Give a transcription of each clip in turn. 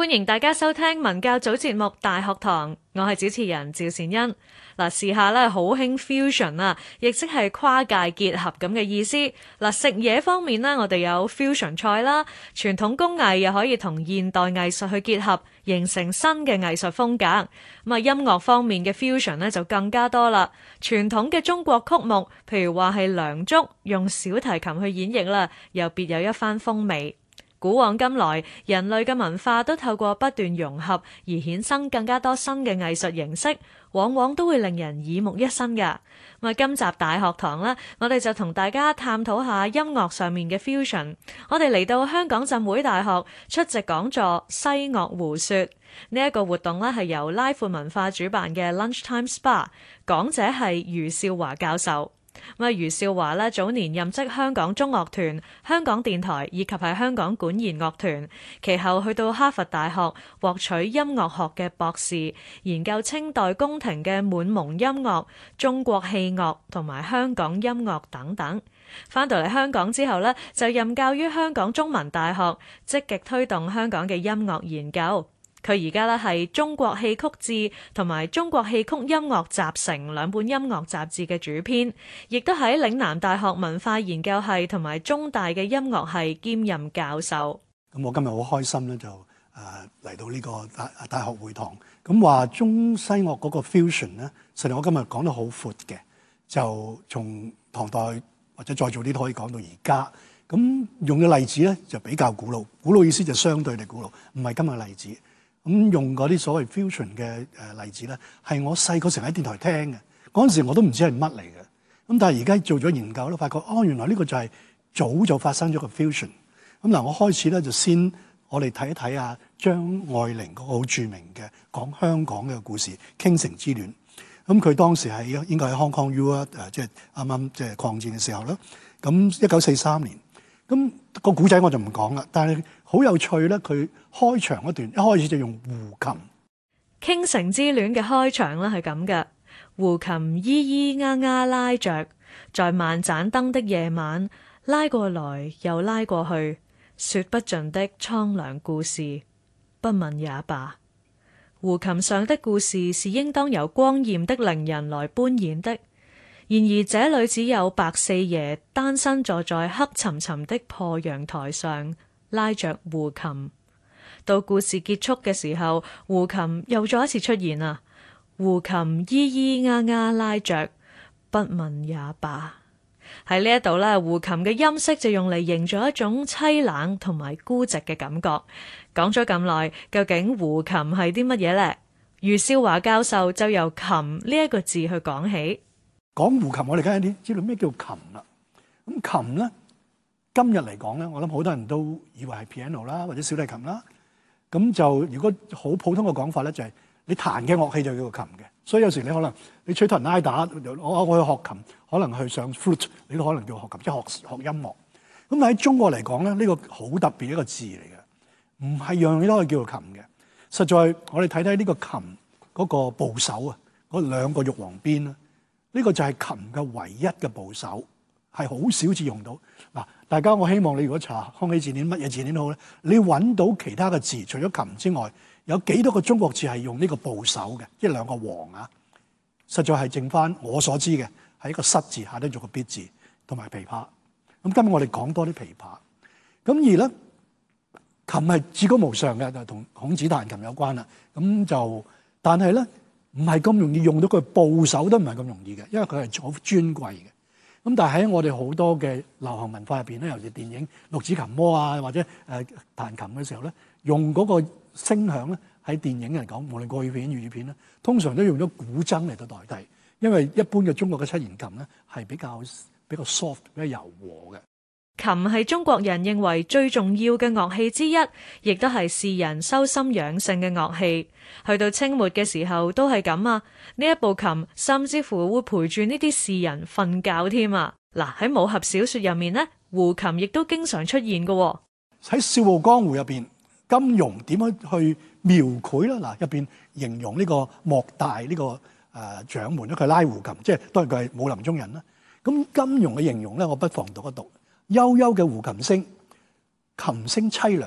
歡迎大家收聽文教組節目《大學堂》，我係主持人趙善恩。嗱，時下咧好興 fusion 啊，亦即係跨界結合咁嘅意思。嗱，食嘢方面咧我哋有 fusion 菜啦，傳統工藝又可以同現代藝術去結合，形成新嘅藝術風格。咁啊，音樂方面嘅 fusion 咧就更加多啦。傳統嘅中國曲目，譬如話係梁祝，用小提琴去演繹啦，又別有一番風味。古往今來，人類嘅文化都透過不斷融合而衍生更加多新嘅藝術形式，往往都會令人耳目一新㗎。咁啊，今集大學堂呢，我哋就同大家探討下音樂上面嘅 fusion。我哋嚟到香港浸會大學出席講座《西樂胡說》呢一個活動呢，係由拉闊文化主辦嘅 Lunchtime Spa，講者係余少華教授。咁啊，余少華呢早年任職香港中樂團、香港電台以及係香港管弦樂團，其後去到哈佛大學獲取音樂學嘅博士，研究清代宮廷嘅滿蒙音樂、中國器樂同埋香港音樂等等。翻到嚟香港之後呢，就任教於香港中文大學，積極推動香港嘅音樂研究。佢而家咧係《中國戲曲志》同埋《中國戲曲音樂集成》兩本音樂雜誌嘅主編，亦都喺嶺南大學文化研究系同埋中大嘅音樂系兼任教授。咁我今日好開心咧，就誒嚟到呢個大大學會堂。咁話中西樂嗰個 fusion 咧，實我今日講得好闊嘅，就從唐代或者再早啲都可以講到而家。咁用嘅例子咧就比較古老，古老意思就相對嚟古老，唔係今日例子。咁用嗰啲所謂 fusion 嘅誒例子咧，係我細個成日喺電台聽嘅。嗰陣時我都唔知係乜嚟嘅。咁但係而家做咗研究啦，發覺哦原來呢個就係早就發生咗個 fusion。咁嗱，我開始咧就先我哋睇一睇啊張愛玲個好著名嘅講香港嘅故事《傾城之戀》。咁佢當時係應該喺 Hong Kong U R 即係啱啱即係抗戰嘅時候啦。咁一九四三年。咁個古仔我就唔講啦，但係好有趣咧。佢開場嗰段一開始就用胡琴，《傾城之戀》嘅開場咧係咁嘅，胡琴咿咿呀呀拉着，在萬盞燈的夜晚，拉過來又拉過去，説不盡的蒼涼故事，不問也罷，胡琴上的故事是應當由光豔的伶人來搬演的。然而，這裏只有白四爺單身坐在黑沉沉的破陽臺上，拉着胡琴。到故事結束嘅時候，胡琴又再一次出現啊。胡琴咿咿呀呀拉着，不問也罷。喺呢一度咧，胡琴嘅音色就用嚟營造一種淒冷同埋孤寂嘅感覺。講咗咁耐，究竟胡琴係啲乜嘢咧？余少華教授就由琴呢一個字去講起。講胡琴，我哋講一啲知道咩叫琴啦。咁琴咧，今日嚟講咧，我諗好多人都以為係 piano 啦，或者小提琴啦。咁就如果好普通嘅講法咧，就是，就係你彈嘅樂器就叫做琴嘅。所以有時你可能你吹托人拉打，我我去學琴，可能去上 flute，你都可能叫學琴，即係學，學音樂。咁但係喺中國嚟講咧，呢、這個好特別一個字嚟嘅，唔係樣樣都可以叫做琴嘅。實在我哋睇睇呢個琴嗰、那個部首啊，嗰兩個玉皇邊呢個就係琴嘅唯一嘅部首，係好少字用到。嗱，大家我希望你如果查康熙字典，乜嘢字典都好咧，你揾到其他嘅字，除咗琴之外，有幾多個中國字係用呢個部首嘅？即係兩個王啊，實在係剩翻我所知嘅係一個失字，下低做一個必字同埋琵琶。咁今日我哋講多啲琵琶。咁而咧，琴係至高無上嘅，就同孔子彈琴有關啦。咁就，但係咧。唔係咁容易用到佢報首都唔係咁容易嘅，因為佢係好尊貴嘅。咁但係喺我哋好多嘅流行文化入面，咧，尤其電影《六指琴魔》啊，或者誒彈琴嘅時候咧，用嗰個聲響咧喺電影嚟講，無論國語片、粵語片咧，通常都用咗古箏嚟到代替，因為一般嘅中國嘅七弦琴咧係比較比較 soft、比較柔和嘅。琴係中國人認為最重要嘅樂器之一，亦都係士人修心養性嘅樂器。去到清末嘅時候都係咁啊，呢一部琴甚至乎會陪住呢啲士人瞓覺添啊。嗱、啊、喺武俠小說入面呢，胡琴亦都經常出現噶、啊。喺笑傲江湖入邊，金庸點樣去描繪啦？嗱，入邊形容呢個莫大呢個誒掌門咧，佢拉胡琴，即係當然佢係武林中人啦。咁金庸嘅形容咧，我不妨讀一讀。悠悠嘅胡琴聲，琴聲凄涼。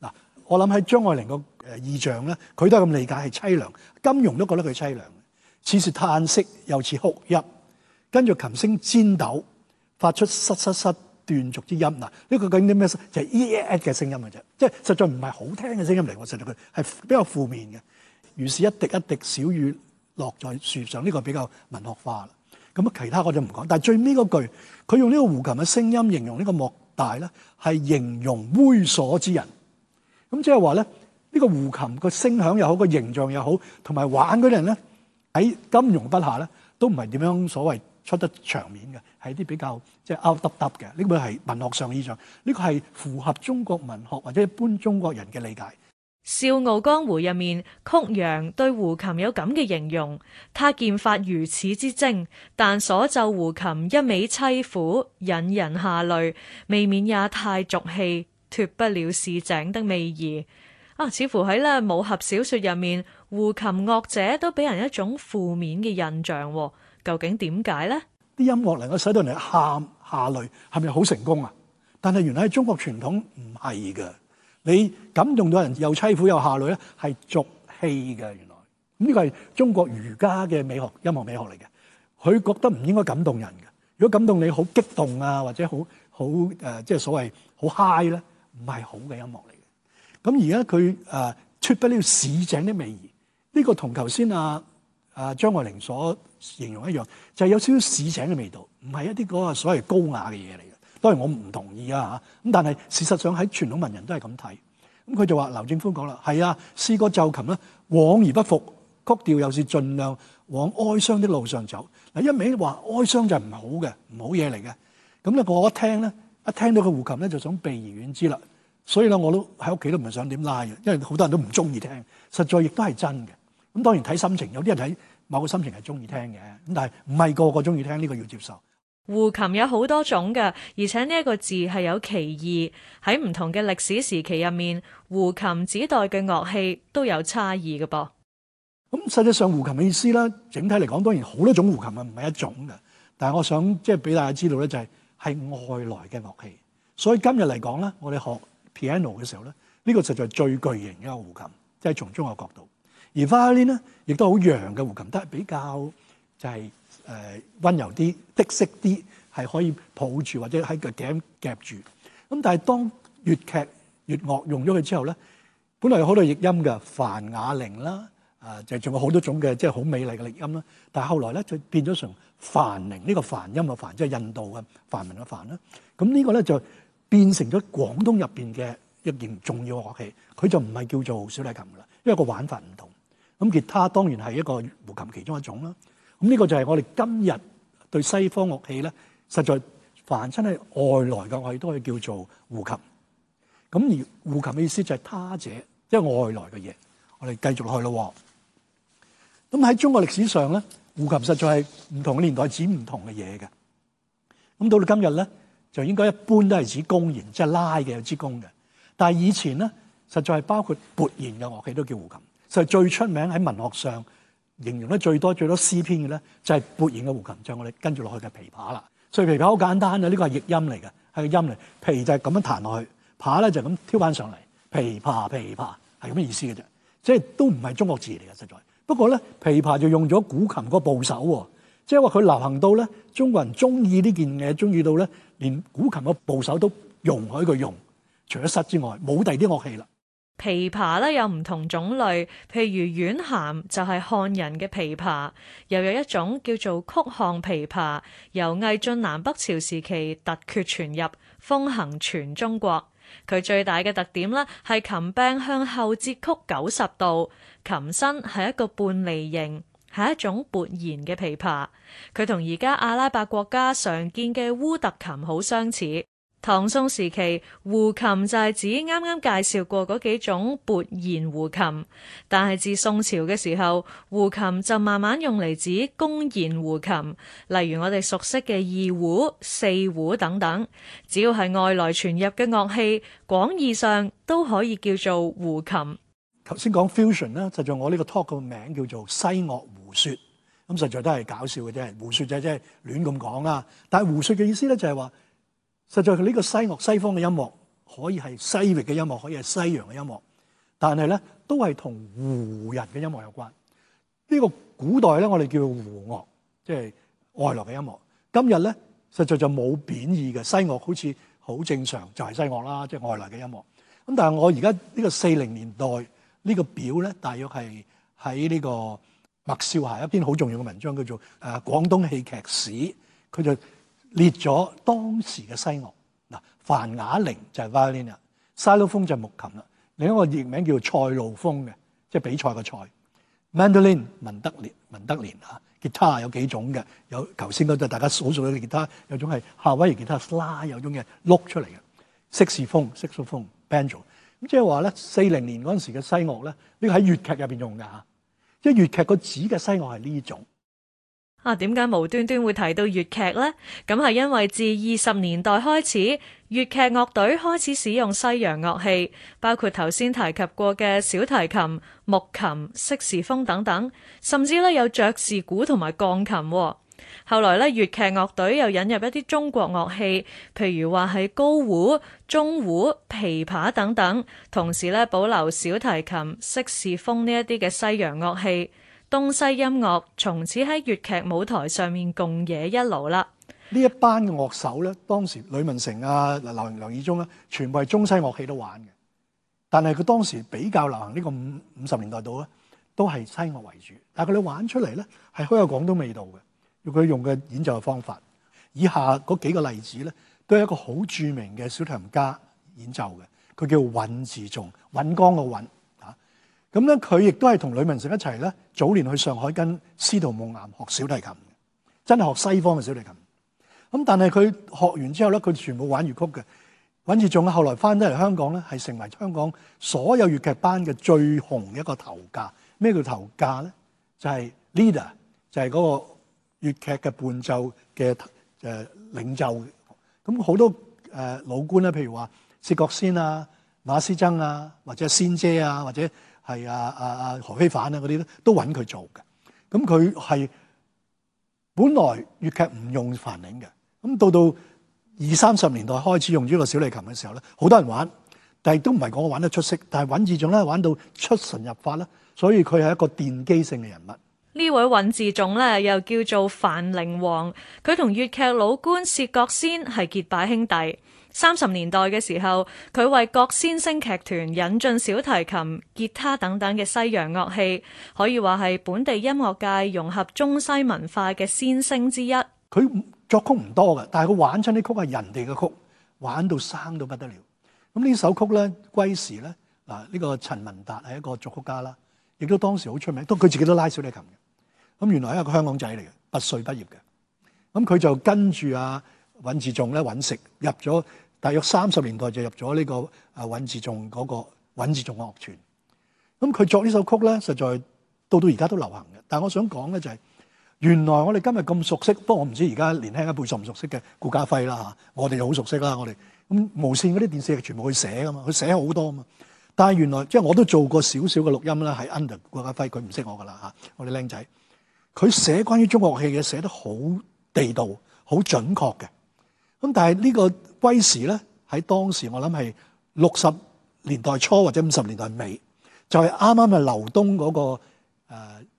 嗱，我諗喺張愛玲個意象咧，佢都係咁理解係凄涼。金庸都覺得佢凄涼。似是嘆息，又似哭泣。跟住琴聲尖抖，發出失失失斷續之音。嗱，呢個究竟啲咩？就係 E-E-E 嘅聲音嘅啫，即係實在唔係好聽嘅聲音嚟。我實在佢係比較負面嘅。如是一滴一滴小雨落在樹上，呢、這個比較文學化啦。咁啊，其他我就唔講，但最尾嗰句，佢用呢個胡琴嘅聲音形容呢個莫大咧，係形容猥瑣之人。咁即係話咧，呢個胡琴個聲響又好，個形象又好，同埋玩嗰啲人咧，喺金庸筆下咧，都唔係點樣所謂出得場面嘅，係一啲比較即係凹凸凸嘅。呢個係文學上嘅意象，呢個係符合中國文學或者一般中國人嘅理解。《笑傲江湖》入面，曲洋對胡琴有咁嘅形容：他劍法如此之精，但所奏胡琴一味淒苦，引人下淚，未免也太俗氣，脱不了市井的味兒。啊，似乎喺咧武俠小說入面，胡琴樂者都俾人一種負面嘅印象。究竟點解呢？啲音樂能夠使到你哋喊下淚，係咪好成功啊？但係原來喺中國傳統唔係嘅。你感動到人又凄苦又下淚，咧，係俗氣嘅原來是。呢個係中國儒家嘅美學，音樂美學嚟嘅。佢覺得唔應該感動人嘅。如果感動你好激動啊，或者好好誒，即係所謂好 high 咧，唔係好嘅音樂嚟嘅。咁而家佢誒出不了市井的美，呢、呢個同頭先阿阿張愛玲所形容一樣，就係、是、有少少市井嘅味道，唔係一啲嗰個所謂高雅嘅嘢嚟。當然我唔同意啊！吓咁，但係事實上喺傳統文人都係咁睇。咁佢就話：劉正夫講啦，係啊，試過奏琴啦，往而不復，曲調又是盡量往哀傷的路上走。嗱，一味話哀傷就唔好嘅，唔好嘢嚟嘅。咁咧，我一聽咧，一聽到佢胡琴咧，就想避而遠之啦。所以咧，我都喺屋企都唔係想點拉嘅，因為好多人都唔中意聽。實在亦都係真嘅。咁當然睇心情，有啲人睇某個心情係中意聽嘅，咁但係唔係個個中意聽呢個要接受。胡琴有好多種嘅，而且呢一個字係有歧義，喺唔同嘅歷史時期入面，胡琴指代嘅樂器都有差異嘅噃。咁實質上胡琴嘅意思咧，整體嚟講，當然好多種胡琴啊，唔係一種嘅。但係我想即係俾大家知道咧、就是，就係係外來嘅樂器。所以今日嚟講咧，我哋學 piano 嘅時候咧，呢、這個實在是最具型嘅一個胡琴，即係從中學角度。而花 i 呢，亦都好洋嘅胡琴，都係比較就係、是。誒、呃、温柔啲的色啲係可以抱住或者喺個腳夾住，咁但係當粵劇粵樂用咗佢之後咧，本來有好多譯音嘅梵雅鈴啦，啊就仲有好多種嘅即係好美麗嘅譯音啦，但係後來咧就變咗成梵鈴呢個梵音嘅梵，即係印度嘅梵文嘅梵啦。咁呢個咧就變成咗廣東入邊嘅一件重要嘅樂器，佢就唔係叫做小提琴嘅啦，因為個玩法唔同。咁吉他當然係一個胡琴其中一種啦。咁呢個就係我哋今日對西方樂器咧，實在凡真係外來嘅，我哋都係叫做胡琴。咁而胡琴嘅意思就係他者，即係外來嘅嘢。我哋繼續落去咯。咁喺中國歷史上咧，胡琴實在係唔同年代指唔同嘅嘢嘅。咁到到今日咧，就應該一般都係指弓弦，即係拉嘅有支弓嘅。但係以前咧，實在係包括撥弦嘅樂器都叫胡琴，實在最出名喺文學上。形容得最多最多詩篇嘅咧，就係撥弦嘅胡琴，將我哋跟住落去嘅琵琶啦。所以琵琶好簡單啊，呢個係譯音嚟嘅，係個音嚟。琵就係咁樣彈落去，琶咧就咁挑翻上嚟。琵琶，琵琶係咁嘅意思嘅啫，即係都唔係中國字嚟嘅實在。不過咧，琵琶就用咗古琴個部首喎，即係話佢流行到咧，中國人中意呢件嘢，中意到咧，連古琴個部首都容許佢用。除咗瑟之外，冇第二啲樂器啦。琵琶咧有唔同種類，譬如阮咸就係漢人嘅琵琶，又有一種叫做曲項琵琶，由魏晉南北朝時期突厥傳入，風行全中國。佢最大嘅特點咧係琴柄向後折曲九十度，琴身係一個半梨形，係一種撥弦嘅琵琶。佢同而家阿拉伯國家常見嘅烏特琴好相似。唐宋時期，胡琴就係指啱啱介紹過嗰幾種撥弦胡琴，但係自宋朝嘅時候，胡琴就慢慢用嚟指弓弦胡琴，例如我哋熟悉嘅二胡、四胡等等。只要係外來傳入嘅樂器，廣義上都可以叫做胡琴。頭先講 fusion 呢，就做我呢個 talk 個名叫做西樂胡説，咁實在都係搞笑嘅啫，胡説啫，即係亂咁講啊。但係胡説嘅意思咧，就係話。實在佢呢個西樂西方嘅音樂，可以係西域嘅音樂，可以係西洋嘅音樂，但係咧都係同胡人嘅音樂有關。呢個古代咧，我哋叫胡樂，即係外來嘅音樂。今日咧，實在就冇貶義嘅西樂，好似好正常，就係、是、西樂啦，即係外來嘅音樂。咁但係我而家呢個四零年代呢、這個表咧，大約係喺呢個麥嘯霞一篇好重要嘅文章，叫做《誒、啊、廣東戲劇史》，佢就。列咗當時嘅西樂嗱，凡雅玲就係 violin s i l o 風就係木琴啦，另一個譯名叫賽路風嘅，即係比賽嘅賽。mandolin 文德連文德連啊，吉他有幾種嘅，有頭先嗰啲大家所熟嘅吉他，有種係夏威夷吉他，拉有種嘅碌出嚟嘅。色士風色士風 banjo 咁即係話咧，四零年嗰陣時嘅西樂咧，呢個喺粵劇入面用嘅即係粵劇個指嘅西樂係呢種。啊，點解無端端會提到粵劇呢？咁係因為自二十年代開始，粵劇樂隊開始使用西洋樂器，包括頭先提及過嘅小提琴、木琴、色士風等等，甚至咧有爵士鼓同埋鋼琴。後來咧，粵劇樂隊又引入一啲中國樂器，譬如話係高胡、中胡、琵琶等等，同時咧保留小提琴、色士風呢一啲嘅西洋樂器。中西音樂從此喺粵劇舞台上面共冶一路啦。呢一班嘅樂手咧，當時呂文成啊、劉、梁以忠啦，全部係中西樂、樂器都玩嘅。但係佢當時比較流行呢、呢個五五十年代度咧，都係西樂為主。但係佢哋玩出嚟咧，係好有廣東味道嘅。佢用嘅演奏嘅方法，以下嗰幾個例子咧，都係一個好著名嘅小提琴家演奏嘅。佢叫尹自重，尹光嘅尹。咁咧，佢亦都係同呂文成一齊咧。早年去上海跟司徒夢岩學小提琴，真係學西方嘅小提琴。咁但係佢學完之後咧，佢全部玩粵曲嘅。尹自重後來翻得嚟香港咧，係成為香港所有粵劇班嘅最紅一個頭架。咩叫頭架咧？就係、是、leader，就係嗰個粵劇嘅伴奏嘅誒領袖。咁好多誒老倌咧，譬如話薛覺先啊、馬師曾啊，或者仙姐啊，或者。係啊啊啊何非凡啊嗰啲咧，都揾佢做嘅。咁佢係本來粵劇唔用梵鈴嘅，咁到到二三十年代開始用呢個小提琴嘅時候咧，好多人玩，但係都唔係講我玩得出色，但係尹自重咧玩到出神入化啦，所以佢係一個奠基性嘅人物。這位字呢位尹自重咧又叫做梵鈴王，佢同粵劇老倌薛覺先係結拜兄弟。三十年代嘅時候，佢為覺先聲劇團引進小提琴、結他等等嘅西洋樂器，可以話係本地音樂界融合中西文化嘅先聲之一。佢作曲唔多嘅，但係佢玩親啲曲係人哋嘅曲，玩到生都不得了。咁呢首曲咧，《歸時咧》啊，嗱、這、呢個陳文達係一個作曲家啦，亦都當時好出名，都佢自己都拉小提琴嘅。咁、啊、原來係一個香港仔嚟嘅，拔萃畢業嘅。咁、啊、佢就跟住阿、啊、尹自重咧揾食，入咗。大約三十年代就入咗呢個啊韻字仲尹自重嗰個尹自重嘅樂團。咁佢作呢首曲咧，實在到到而家都流行嘅。但係我想講咧，就係原來我哋今日咁熟悉，不過我唔知而家年輕一輩熟唔熟悉嘅顧嘉輝啦嚇，我哋就好熟悉啦，我哋咁無線嗰啲電視劇全部佢寫噶嘛，佢寫好多啊嘛。但係原來即係我都做過少少嘅錄音啦，喺 under 顧嘉輝，佢唔識我噶啦嚇，我哋僆仔，佢寫關於中國戲嘅寫得好地道、好準確嘅。咁但係呢個威時咧，喺當時我諗係六十年代初或者五十年代尾，就係啱啱係劉東嗰個誒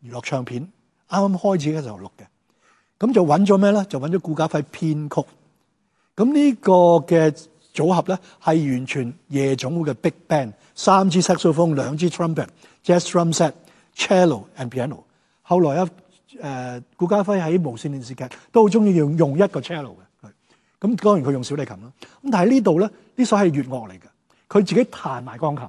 娛樂唱片，啱啱開始嘅時候錄嘅。咁就揾咗咩咧？就揾咗顧嘉輝編曲。咁呢個嘅組合咧係完全夜總會嘅 big band，三支 saxophone 兩支 trumpet、jazz drum set、cello and piano。後來啊誒顧嘉輝喺無線電視劇都好中意用用一個 cello 嘅。咁、嗯、當然佢用小提琴啦。咁但係呢度咧，啲所係粵樂嚟嘅。佢自己彈埋鋼琴，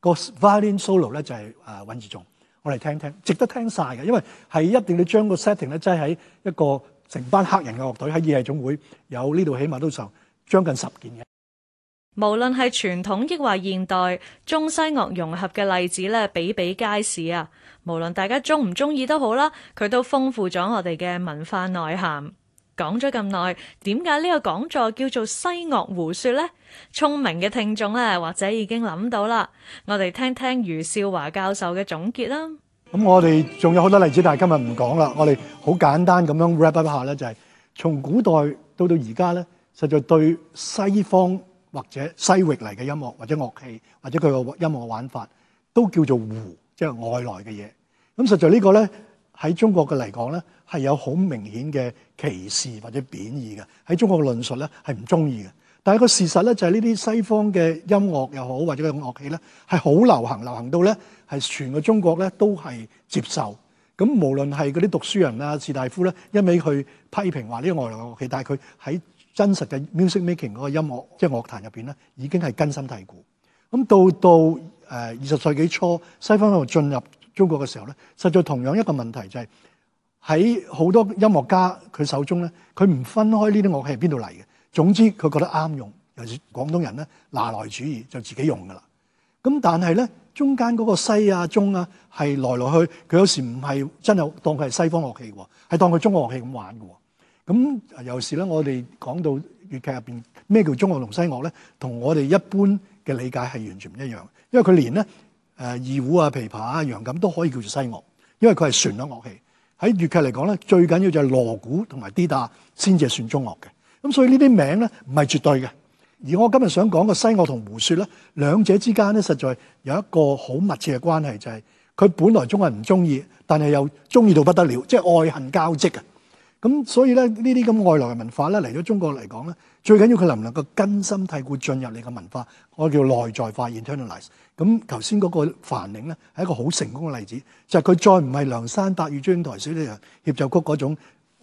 個 violin solo 咧就係誒尹自重。我嚟聽聽，值得聽曬嘅，因為係一定要將個 setting 咧即係喺一個成班黑人嘅樂隊喺夜總會，有呢度起碼都成將近十件嘅。無論係傳統抑或現代中西樂融合嘅例子咧，比比皆是啊！無論大家中唔中意都好啦，佢都豐富咗我哋嘅文化內涵。講咗咁耐，點解呢個講座叫做西樂胡說咧？聰明嘅聽眾咧，或者已經諗到啦。我哋聽聽余少華教授嘅總結啦。咁我哋仲有好多例子，但係今日唔講啦。我哋好簡單咁樣 wrap up 一下咧，就係從古代到到而家咧，實在對西方或者西域嚟嘅音樂或者樂器或者佢個音樂嘅玩法，都叫做胡，即係外來嘅嘢。咁實在呢個咧。喺中國嘅嚟講咧，係有好明顯嘅歧視或者貶義嘅。喺中國嘅論述咧，係唔中意嘅。但係個事實咧，就係呢啲西方嘅音樂又好，或者嘅樂器咧，係好流行，流行到咧係全個中國咧都係接受。咁無論係嗰啲讀書人啊、士大夫啦，一味去批評話呢個外來嘅樂器，但係佢喺真實嘅 music making 嗰個音樂即係樂壇入邊咧，已經係根深蒂固。咁到到誒二十世紀初，西方喺度進入中國嘅時候咧，實在同樣一個問題就係喺好多音樂家佢手中咧，佢唔分開呢啲樂器係邊度嚟嘅。總之佢覺得啱用，尤其是廣東人咧，拿來主義就自己用噶啦。咁但係咧，中間嗰個西啊中啊係來來去，佢有時唔係真係當佢係西方樂器喎，係當佢中國樂器咁玩嘅喎。咁有時咧，我哋講到粵劇入邊咩叫中樂同西樂咧，同我哋一般嘅理解係完全唔一樣，因為佢連咧。誒二胡啊、琵琶啊、揚琴都可以叫做西樂，因為佢係旋律樂器。喺粵劇嚟講咧，最緊要就係鑼鼓同埋啲打先至係算中樂嘅。咁所以呢啲名咧，唔係絕對嘅。而我今日想講嘅西樂同胡說咧，兩者之間咧，實在有一個好密切嘅關係，就係、是、佢本來中人唔中意，但係又中意到不得了，即、就、係、是、愛恨交織嘅。咁所以咧，呢啲咁外來嘅文化咧，嚟咗中國嚟講咧，最緊要佢能唔能夠根深蒂固進入你嘅文化，我叫內在化 (internalize)。咁頭先嗰個《梵鈴》咧，係一個好成功嘅例子，就係佢再唔係梁山伯與祝英台嗰啲協奏曲嗰種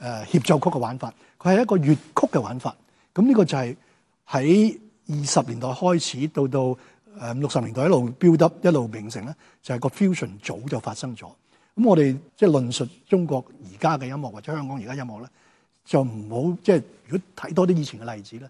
誒協奏曲嘅玩法，佢係一個粵曲嘅玩法。咁呢個就係喺二十年代開始到到誒六十年代一路 build up 一路形成咧，就係個 fusion 早就發生咗。咁我哋即係論述中國而家嘅音樂或者香港而家音樂咧，就唔好即係如果睇多啲以前嘅例子咧，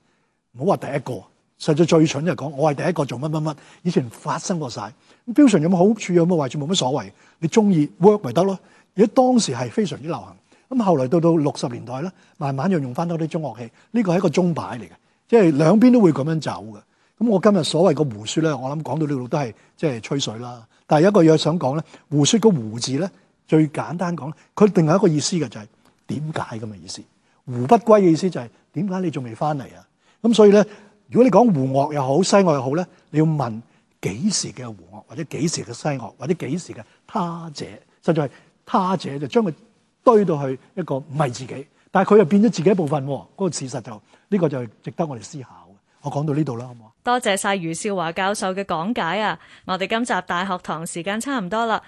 唔好話第一個，實在最蠢就係講我係第一個做乜乜乜。以前發生過晒，咁標準，有冇好處，有冇壞處，冇乜所謂，你中意 work 咪得咯。而且當時係非常之流行，咁後來到到六十年代咧，慢慢又用翻多啲中樂器，呢個係一個鐘擺嚟嘅，即係兩邊都會咁樣走嘅。咁我今日所謂個胡說咧，我諗講到呢度都係即係吹水啦。但係一個嘢想講咧，胡說個胡字咧，最簡單講，佢定係一個意思嘅，就係點解咁嘅意思。胡不歸嘅意思就係點解你仲未翻嚟啊？咁所以咧，如果你講胡樂又好，西樂又好咧，你要問幾時嘅胡樂，或者幾時嘅西樂，或者幾時嘅他者，實在係他者就將佢堆到去一個唔係自己，但係佢又變咗自己一部分。嗰個事實就呢個就係值得我哋思考嘅。我講到呢度啦，好唔好？多謝晒余少華教授嘅講解啊！我哋今集大學堂時間差唔多啦。